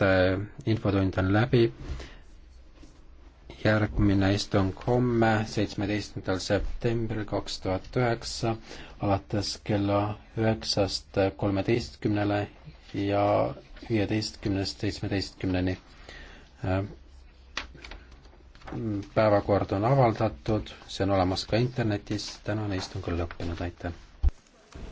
et äh, infotund on läbi. järgmine istung homme, seitsmeteistkümnendal septembril kaks tuhat üheksa alates kella üheksast kolmeteistkümnele ja viieteistkümnest seitsmeteistkümneni. Äh, päevakord on avaldatud, see on olemas ka internetis, tänane istung on lõppenud, aitäh!